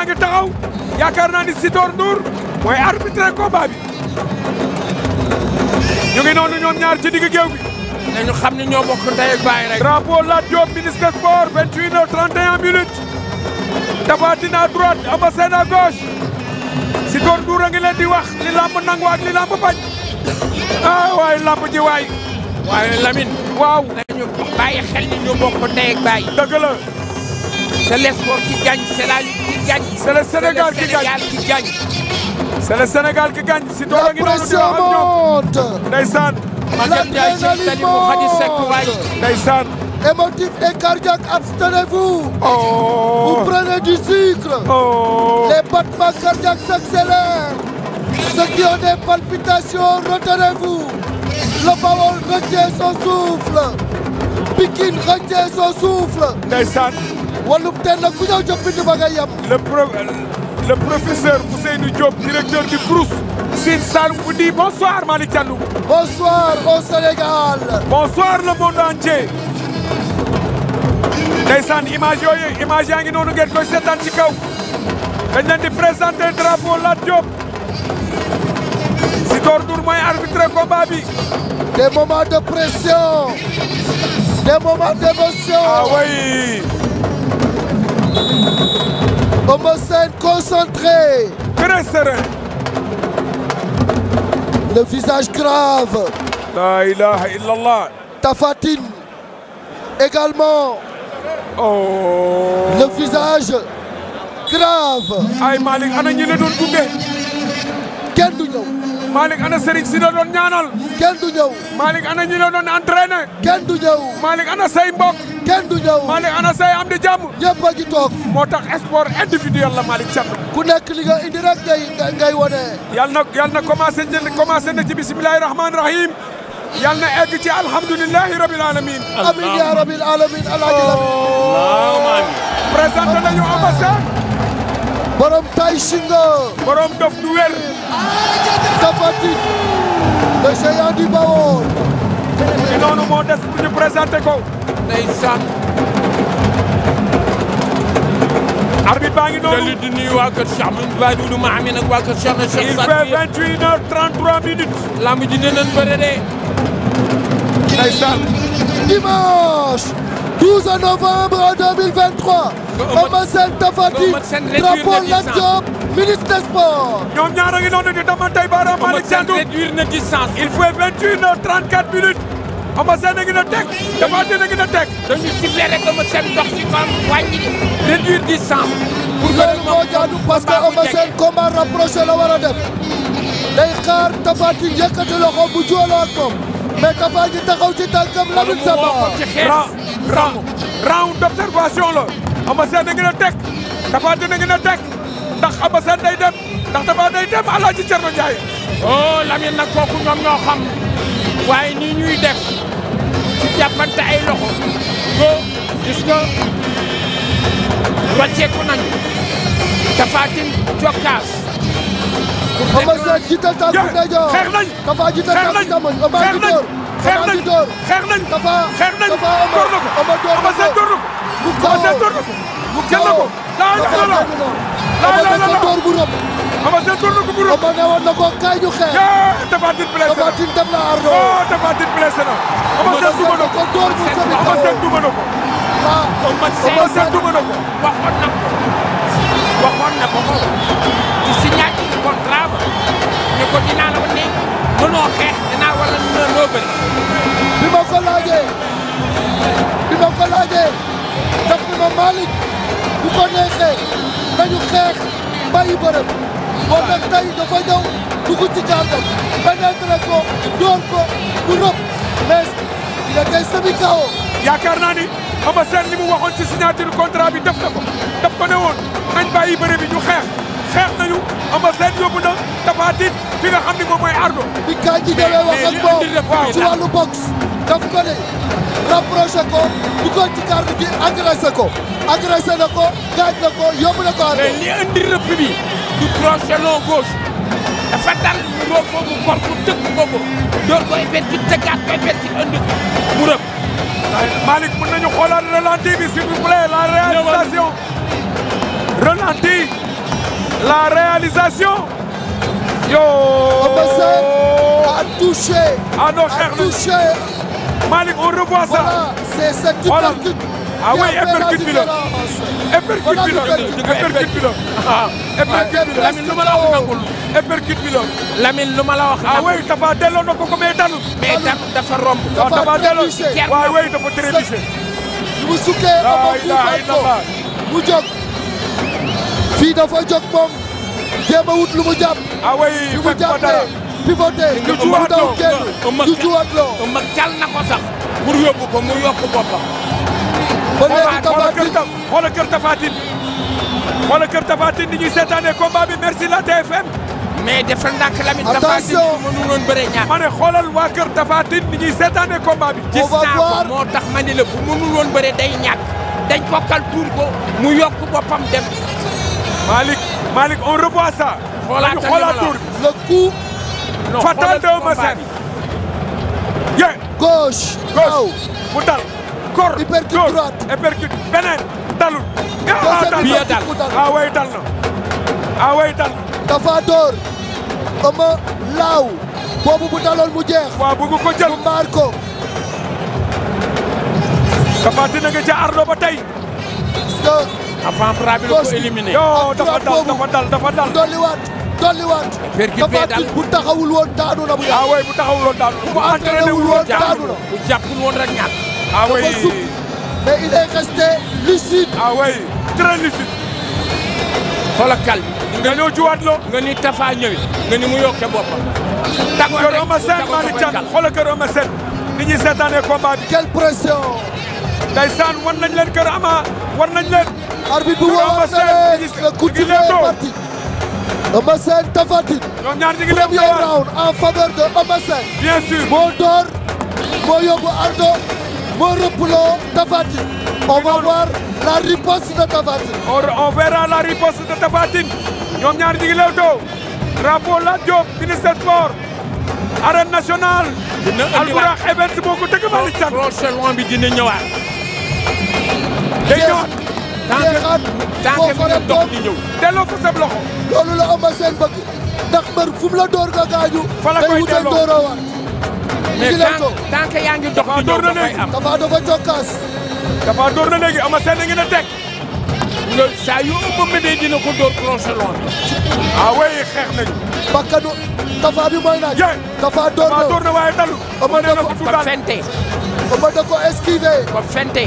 yaa ngi taxaw yaakaar naa ni Sitor Ndour mooy arbitré combat bi ñu ngi noonu ñoom ñaar ci digg géew bi. dañu xam ne ñoo bokk ndey ak baay rek. drapeau Lat Diop ministre sport 21 heures 31 minutes. Tapha Tine à droite Eumeu Sène à gauche. Sitor di wax li lamb nangu ak li lamb bañ. ah waay lamb ji waay. waaye Lamine. xel ni ñu bokk ndey ak baay. c'est l'espoir qui gagne c'est la lutte qui gagne. c'est le Sénégal qui gagne c'est le Sénégal qui gagne. si doole ngi noonu di wax ak ñoom ndeysaan. ndeysaan. émotif et cardiaque abstenez-vous. oh vous prenez du sucre. oh les battements cardiaques s'accélèrent. ceux qui ont des palpitations son souffle. Pikine retient son souffle. wàllum teen nag ku ñëw ca Pind ba ngay yem. le pro le professeur Ousseynou Diop directeur du Crous. Sine Saloum vous dit bonsoir Malick Thiandoum. bonsoir au Sénégal. bonsoir le monde entier. ndeysaan image yooyu image yaa ngi noonu ngeen koy seetaan ci kaw. dañ leen di présenter drapeau Lat Diop. Sitor Ndour mooy arbitre combat bi. des moments de pression. des moments d'émotion. Ah Eumeu Sène concentré. très le visage grave. la ilaha illallah. Tapha Tine également. oh. le visage grave. ay Malick ana ñi la doon gunge. kenn du ñëw. Malick ana Serigne si la ñaanal. kenn du ñëw. Malick ana ñi la doon kenn du ñëw. Malick ana say mbokk. kenn du ñëw. Malick ana say am di jàmm. ñëpp a ngi toog. moo tax sport individuel la Malick Thiam. ku nekk li nga indi rek yal na yal na commencé jël commencé yal na egg ci alhamdulilahi rabil alamin. amiin yaa rabil alamin alaaji lamin. Oh. présenté nañu ambassade. borom tay singa. borom dof du Tapha Tine le géant du Baol ci noonu moo des présenté ko ndeysaan arbitre ngi noonu di nuyu waa kër Cheikh Mouhamed Baye novembre 2023 Eumeu Sène Tapha Tine drapeau Lat Diop ministre des sports. ñoom ñaar a ngi noonu di damantay baaraam Malick Thiandoum réduire na distance. il faut vingt huit heures trente quatre minutes. Eumeu Sène a ngi na teg Tapha Tine a ngi na teg. dañu siffler rek Eumeu Sène dox ci kawam wàññi réduire distance. pour loolu moo jaadu parce que Eumeu Sène combat rapproché la war a def. day xaar loxo bu juwaloo ak moom mais Tapha a ngi na teg Tapha Tine a ngi ndax Eumeu Sène day dem ndax dafa day dem Alaaji Cerno Njaay oh Lamine nag kooku ñoom ñoo xam waaye nii ñuy def ci jàppante ay loxo ko gis nga wàcceeku nañ Tapha Tine jokkaas Eumeu Sène jiital tànk bu ndeyjoor xeex nañ Tapha jiital tànk bu càmmoñ Eumeu di door Eumeu di door xeex nañ xeex nañ Tapha xeex nañ door na ko Eumeu door na ko mu ko jël door na ko. mu jël na ko laa la la laa la la door bu rëb. ama seen door na ko bu rëb. ama ne woon na ko kaay ñu xeex. yee Tafatin blessé na Tafatin dem na Ardo. oh Tafatin blessé na. ama seen duma na ko door bu sëbi ama seen duma na ko. waaw ama seen duma na ko. waxoon na ko waxoon na ko xool ci signature contrat ba ne ko dinaa la ko ne mënoo xeex. Malick bu ko neexee dañu xeex bàyyi bërëb moo tax tey dafa ñëw dugg ci jàngam pénétré ko dóor ko bu rëb mais il était semi KO yaakaar naa ni Eumeu Sène mu waxoon ci signature contrat bi def na ko daf ko ne woon nañ bàyyi bërëb bi ñu xeex xeex nañu Eumeu Sène yóbbu na Tapha Tine nga xam ni moom mooy Ardo bi kaa ji ñëwee wax ak moom ci wàllu daf ko ne rapproché ko duggoon ci garde bi agressé gaaj na yóbbu na ko ànd. li indi rëpp bi du tranchant gauche dafa dal loo foog mu kor mu tëgg ko ko door koy betti tëggaat koy betti indi ko mu rëpp. Malick mën nañu xoolaat ralenti bi s'il vous plaît la réalisation ralenti la réalisation. yo. Obasé a touché. Ah a touché. Malick on revoit ça. voilà c' est cette hypercute. ah oui hypercute bi la hypercute bi la hypercute bi la. ah hypercute bi la Lamine lu ma la ah sukkee dafa buufaat dafa jóg moom jéem a wut lu mu jàpp. ah oui fekk ko dara pivoté du juwaat loo du juwaat loo mag jàll na ko sax yóbbu ko mu yokk boppam ba léegi Tafatine xoola kër Tafatine xoola bi merci la TFM mais dafa ndànk Lamine Tafatine ma ne xoolal waa kër Tafatine di ñuy seetaane combat bi gis naa moo tax ma ne la bu mënu day ñàkk dañ bokkal tuur ko mu yokk boppam dem Malick Malick on revoit ça xoolaatul le fatal de Eumeu Sène ye gauche gauche mu kor hypercute droite hypercute beneen dalul aa dal a way dal na a ah, way dal dafa door Eumeu laaw boobu bu daloon mu jeex ko jël mu mbaar ko Tapha Tine nga ca ardo ba tey parce que ko éliminé yo dafa dal dafa dolliwaat. bu taxawul woon daanu na bu yàgg. waaw ah bu taxawul woon daanu na bu entraîné wul woon daanu na bu jàppul woon rek ñàkk. waaw ah dafa sukk mais il est resté lucide. waaw ah très lucide. xoolal kàl. nga ñëw jiwaat loo. nga ni Tafa ñëwee. nga ni mu yokke boppam. tàggoo rek kër Oma Sène Malick Thiam xoolal kër Oma Sène. ni ñuy seetaanee combat bi. quelle pression. ndeysaan war nañ leen kër Ama war nañ leen. arbitre bi woo na leen nga continué parti. Eumeu Sène Tapha Tine. ñoom ñaar ñu ngi de Eumeu bien sûr moo door moo yóbbu ardo moo rëppuloo Tapha Tine. on va voir la riposte de Tapha Tine. on on verra la riposte de Tapha Tine. ñoom ñaar ñu ngi leen doo. drapeau Lat Diop ministre sport. arène nationale. dina ëndiwaat Albourakh Events moo ko tëgg Malick Thiam. prochain round bi dina ñëwaat. xaat foo faral dox di ñëw delloo fa sa loolu la ama seen bëgg ndax mbër fu la door nga gaañu fa la koy delloo dooroo waat mais tànk yaa ngi dox di ñëw dafay am dafa dafa jokkaas dafa door na léegi ama seen a ngi na teg saa yu ëpp mbédee dina ko door proche loin ah xeex nañu bakkanu tafa bi mooy naaj tafa door na door na waaye dalu ama dafa fente ama ko esquiver ba fente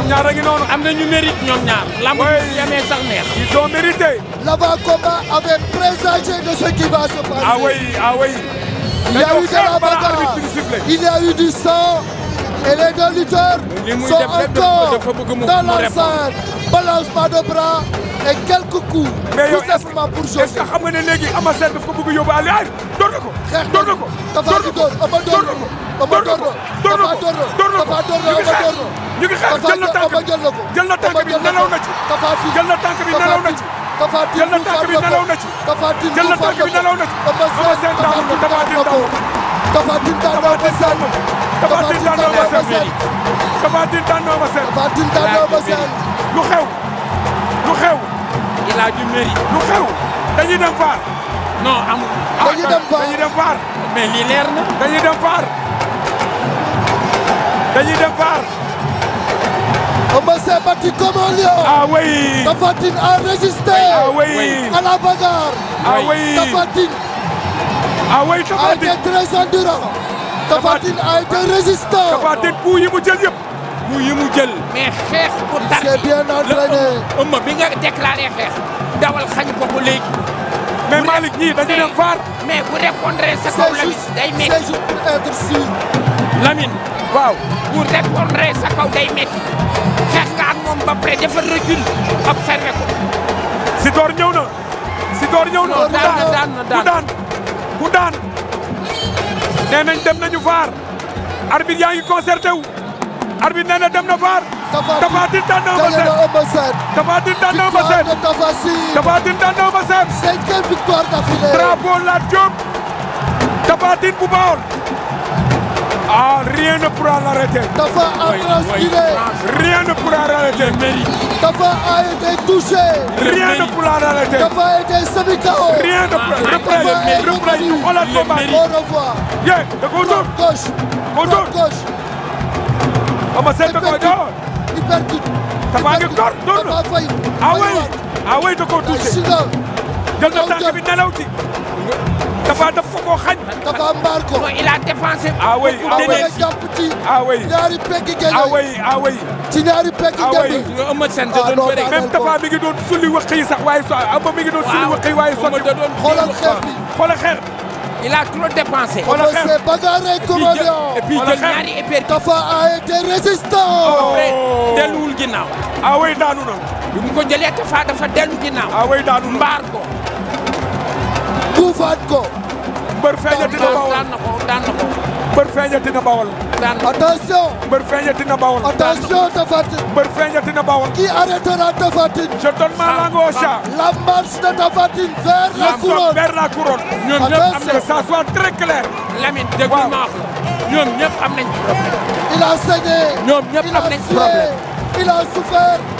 ñoom ñaar a noonu. am nañu mérite ñoom ñaar. lamb yi yemee sax neex. ils ont mérité. l'avant-combat avait présagé de ce qui va se passer. ah oui ah oui. il y a eu de la bagarre il y a eu du sang. et les deux lutteurs. sont encore dans l'enceinte. balancement de bras et quelques coups. mais yow est ne léegi Ama Sène daf ko bëgg a yóbbu Aliou. door na ko door Omar door na door na ko door na ko ñu ngi xaar jël na tànk bi jël na tànk bi nelaw lu xew lu xew. il a lu xew dañuy dem faar. non amul. dañuy dem faar faar. mais lii leer na. dañuy faar. dañuy dem faar. Eumeu Sène battu comme un lion. ah oui. Tapha Tine a résisté. ah oui. à la bagarre. ah oui. Tapha Tine. ah ku yi mu jël yëpp. ku yi mu jël. mais xeex bu tar. c'est bien entraîné. Eumeu bi nga déclaré xeex. dawal xañu ko ba léegi. mais Malick ñii dañu dem faar. mais bu répondre sa kaw Lamine day métti. c'est juste pour être sûr. waaw bu répondre sa kaw day metti xeex nga ak moom ba pare dafa recul observé ko. Sitor ñëw na. Sitor ñëw na ku daan ku daan ku daan. nee nañ faar. arbitre yaa ngi concerté wu. arbitre nee dem na faar. Tapha Tine daan na Eumeu Sène. Tapha Tine daan na Eumeu Sène. Tapha Tine daan na Eumeu Sène. cinquième victoire d'affilée. bu Bawol. Ah, rien ne pourra l'arrêter. Tafa a oui, transpiré. Oui. Rien ne pourra l'arrêter. Tafa a été Tafa a été semi-KO. Rien ne pourra l'arrêter. Replay, on l'a combattu. Au revoir. Yeah, de contour. Gauche. Contour. Gauche. On va s'être quoi d'or. Hypercut. Tafa a été corps. Tafa a failli. Ah oui. Ah oui, na tànk bi nelawti. Tapha daf ko koo xañ. Tapha mbaar ko. non il a dépensé. ah oui ah oui jàpp ci. ah oui ñaari pegg gën ah oui ah oui. ci ñaari pegg gën bi. Ah nga ëmmat seen da ah, doon bëri. même Tapha mi ngi doon sulli wax yi sax waaye so Amba mi ngi doon sulli wax yi waaye so. xoolal xeex bi xoolal xeex. il a trop dépensé. on s'est bagarré commandant. et puis jël ñaari épée. Tapha a été résistant. Oh. après delluwul ginnaaw. ah oui daanu na. bi mu ko jëlee Tapha dafa dellu ginnaaw. ah oui daanu mbaar ko. tuufaat ko. mbër feeñati na bawol daan na ko daan na bawol. daan na ko mbër feeñati na na bawol. qui arrêtera Tapha Tine. je donne ma langue au chat. la marche de Tapha la couronne. vers la couronne. ñoom ñëpp am na ça ñoom ñëpp am nañ problème. il a saigné. ñoom ñëpp am nañ problème. il a